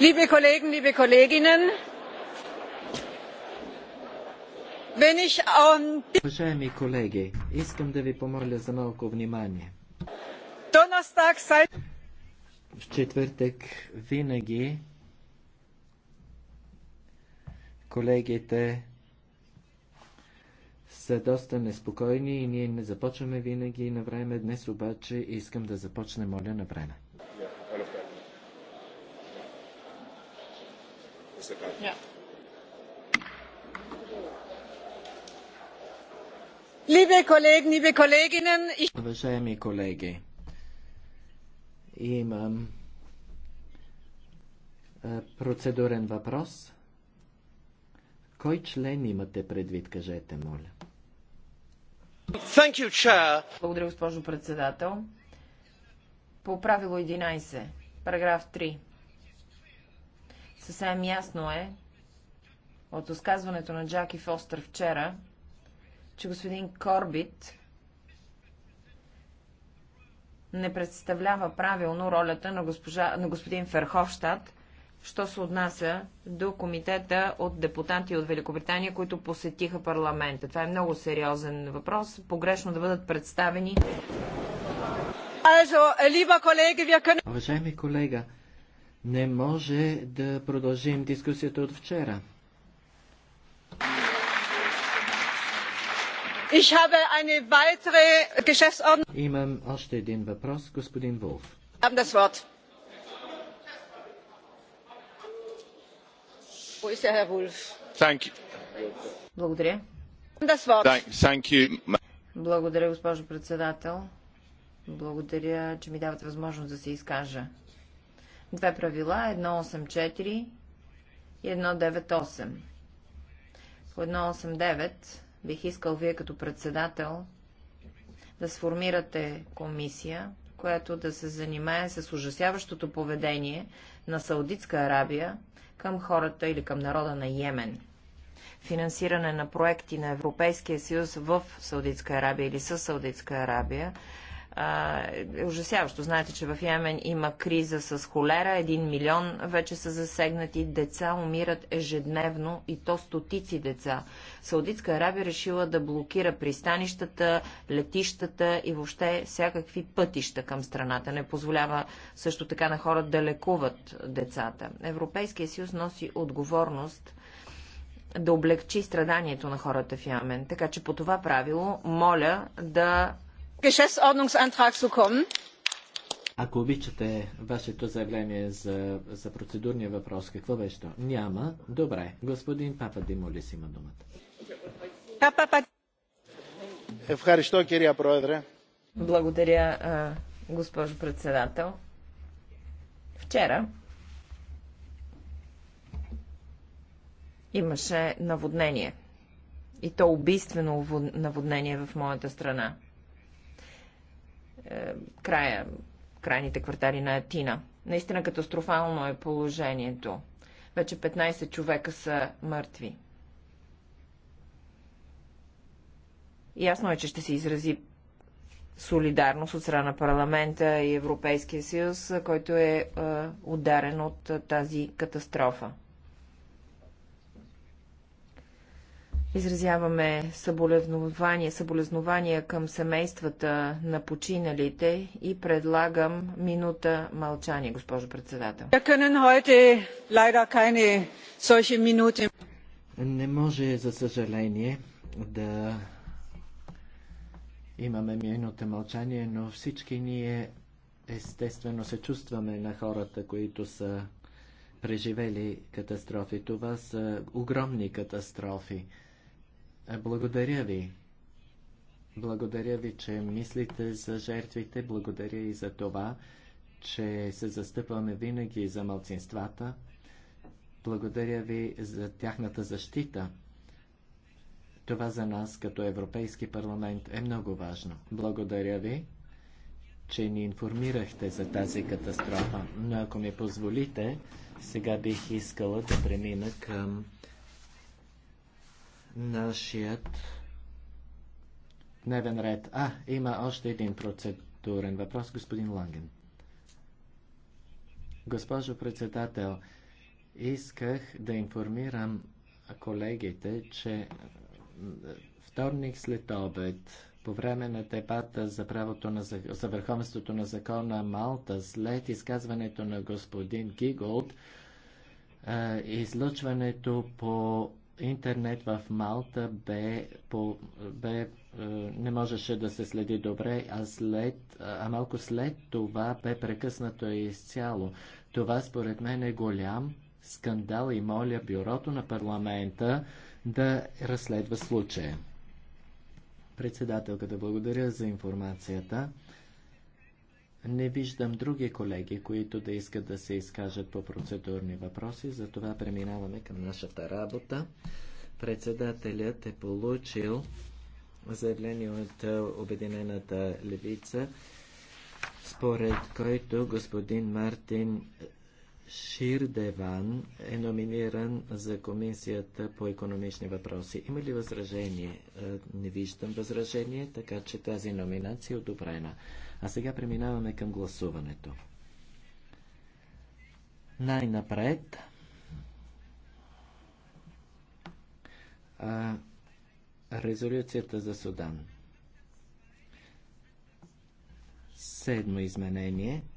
liebe kollegen liebe kolleginnen wenn ich Уважаеми колеги, искам да ви помоля за малко внимание. В четвъртък винаги колегите са доста неспокойни и ние не започваме винаги на време. Днес обаче искам да започне моля на време. Liebe Kollegen, liebe Kolleginnen, ich... Уважаеми колеги, имам процедурен въпрос. Кой член имате предвид, кажете, моля? Thank you, chair. Благодаря, госпожо председател. По правило 11, параграф 3, Съвсем ясно е от изказването на Джаки Фостър вчера, че господин Корбит не представлява правилно ролята на, госпожа, на господин Ферховщад, що се отнася до комитета от депутати от Великобритания, които посетиха парламента. Това е много сериозен въпрос. Погрешно да бъдат представени. Уважаеми колега, не може да продължим дискусията от вчера. Ich habe eine weitere Geschäftsordnung. Имам още един въпрос, господин Волф. Благодаря. Благодаря, госпожо председател. Благодаря, че ми дават възможност да се изкажа. Две правила, 184 и 198. По 189 бих искал вие като председател да сформирате комисия, която да се занимае с ужасяващото поведение на Саудитска Арабия към хората или към народа на Йемен. Финансиране на проекти на Европейския съюз в Саудитска Арабия или с Саудитска Арабия е ужасяващо. Знаете, че в Йемен има криза с холера, един милион вече са засегнати, деца умират ежедневно и то стотици деца. Саудитска Арабия решила да блокира пристанищата, летищата и въобще всякакви пътища към страната. Не позволява също така на хората да лекуват децата. Европейския съюз носи отговорност да облегчи страданието на хората в Йемен. Така че по това правило моля да Geschäftsordnungsantrag zu kommen. Ако обичате вашето заявление за, за процедурния въпрос, какво беше то? Няма. Добре. Господин Папа Димолис има думата. Папа. кирия проедре. Благодаря, госпожо председател. Вчера имаше наводнение. И то убийствено наводнение в моята страна. Е, края, крайните квартали на Атина. Наистина катастрофално е положението. Вече 15 човека са мъртви. Ясно е, че ще се изрази солидарност от страна на парламента и Европейския съюз, който е, е ударен от е, тази катастрофа. Изразяваме съболезнования, съболезнования към семействата на починалите и предлагам минута мълчание, госпожо председател. Не може, за съжаление, да имаме минута мълчание, но всички ние естествено се чувстваме на хората, които са преживели катастрофи. Това са огромни катастрофи. Е, благодаря ви. Благодаря ви, че мислите за жертвите. Благодаря и за това, че се застъпваме винаги за мълцинствата. Благодаря ви за тяхната защита. Това за нас като Европейски парламент е много важно. Благодаря ви, че ни информирахте за тази катастрофа. Но ако ми позволите, сега бих искала да премина към нашият дневен ред. А, има още един процедурен въпрос, господин Ланген. Госпожо председател, исках да информирам колегите, че вторник след обед, по време на дебата за, правото на, за върховенството на закона Малта, след изказването на господин Гиголд, излъчването по интернет в Малта бе, по, бе е, не можеше да се следи добре, а, след, а малко след това бе прекъснато изцяло. Това според мен е голям скандал и моля бюрото на парламента да разследва случая. Председателката, благодаря за информацията. Не виждам други колеги, които да искат да се изкажат по процедурни въпроси, затова преминаваме към нашата работа. Председателят е получил заявление от Обединената левица, според който господин Мартин Шир Деван е номиниран за Комисията по економични въпроси. Има ли възражение? Е, не виждам възражение, така че тази номинация е одобрена. А сега преминаваме към гласуването. Най-напред резолюцията за Судан. Седмо изменение –